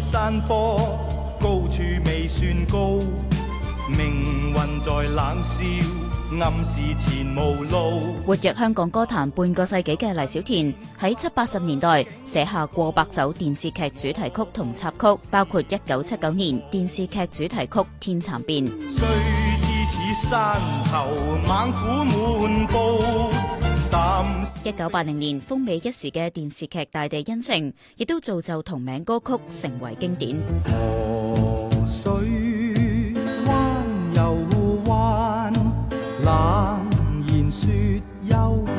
山坡高處未算高，命運在冷笑，暗示前無路。活躍香港歌壇半個世紀嘅黎小田，喺七八十年代寫下過百首電視劇主題曲同插曲，包括一九七九年電視劇主題曲《天蠶變》。一九八零年風靡一時嘅電視劇《大地恩情》亦都造就同名歌曲成為經典。河水彎又彎，冷然說憂患。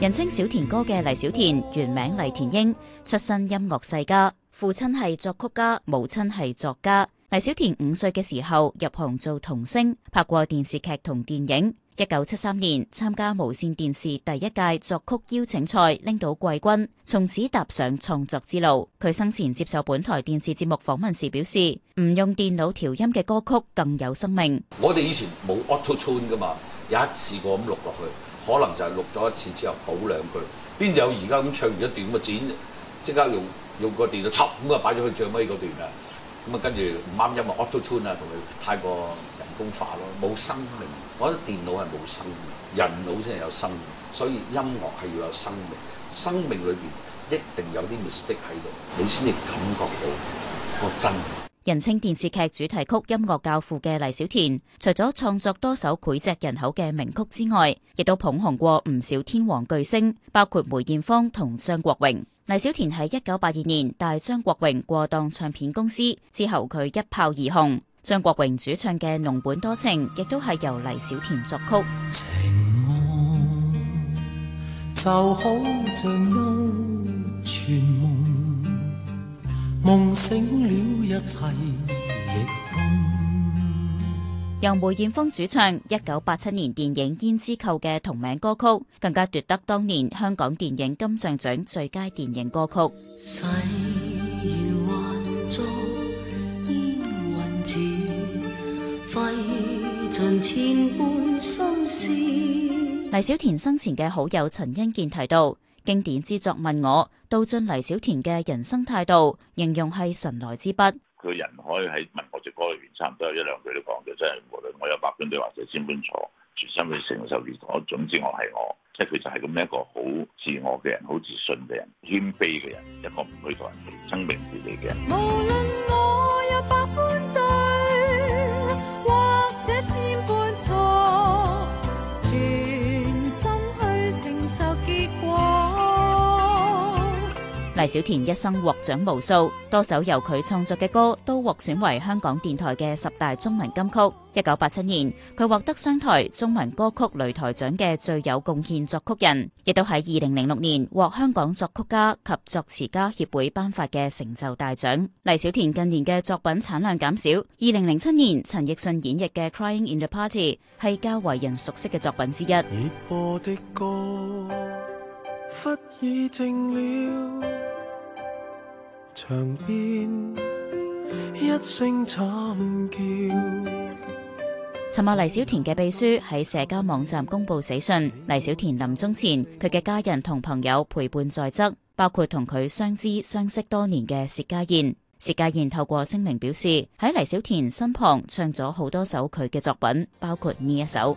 人稱小田哥嘅黎小田，原名黎田英，出身音樂世家，父親係作曲家，母親係作家。黎小田五歲嘅時候入行做童星，拍過電視劇同電影。一九七三年參加無綫電視第一屆作曲邀請賽，拎到季軍，從此踏上創作之路。佢生前接受本台電視節目訪問時表示：唔用電腦調音嘅歌曲更有生命。我哋以前冇 auto tune 噶嘛，有一次過咁錄落去，可能就係錄咗一次之後補兩句，邊有而家咁唱完一段咁啊剪，即刻用用個電腦插咁啊擺咗去唱尾嗰段啊，咁啊跟住唔啱音啊 auto tune 啊，同佢太過。工化冇生命。我覺得電腦係冇生命，人腦先係有生命。所以音樂係要有生命，生命裏邊一定有啲 mistake 喺度，你先至感覺到個真。人稱電視劇主題曲音樂教父嘅黎小田，除咗創作多首膾炙人口嘅名曲之外，亦都捧紅過唔少天王巨星，包括梅艷芳同張國榮。黎小田喺一九八二年帶張國榮過檔唱片公司之後，佢一炮而紅。張國榮主唱嘅《儂本多情》亦都係由黎小田作曲。情愛就好像一串夢，夢醒了一切亦空。由梅艷芳主唱，一九八七年電影《胭脂扣》嘅同名歌曲，更加奪得當年香港電影金像獎最佳電影歌曲。黎小田生前嘅好友陳欣健提到，經典之作問我道盡黎小田嘅人生態度，形容係神來之筆。佢人可以喺文學詩歌裏面差唔多有一兩句都講咗，真係無論我有百般對，或者千般錯，全心去承受結果。總之我係我，即係佢就係咁樣一個好自我嘅人，好自信嘅人，謙卑嘅人，一個唔去同人哋爭名奪利嘅人。人無論我有百般。黎小田一生獲獎無數，多首由佢創作嘅歌都獲選為香港電台嘅十大中文金曲。一九八七年，佢獲得商台中文歌曲擂台獎嘅最有貢獻作曲人，亦都喺二零零六年獲香港作曲家及作詞家協會頒發嘅成就大獎。黎小田近年嘅作品產量減少，二零零七年陳奕迅演繹嘅《Crying in the Party》係較為人熟悉嘅作品之一。 佛已靜了。牆邊一聲慘叫。尋日黎小田嘅秘書喺社交網站公布死訊。黎小田臨終前，佢嘅家人同朋友陪伴在側，包括同佢相知相識多年嘅薛家燕。薛家燕透過聲明表示，喺黎小田身旁唱咗好多首佢嘅作品，包括呢一首。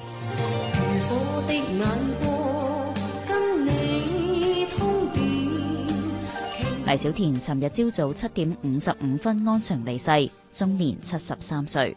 黎小田尋日朝早七點五十五分安詳離世，終年七十三歲。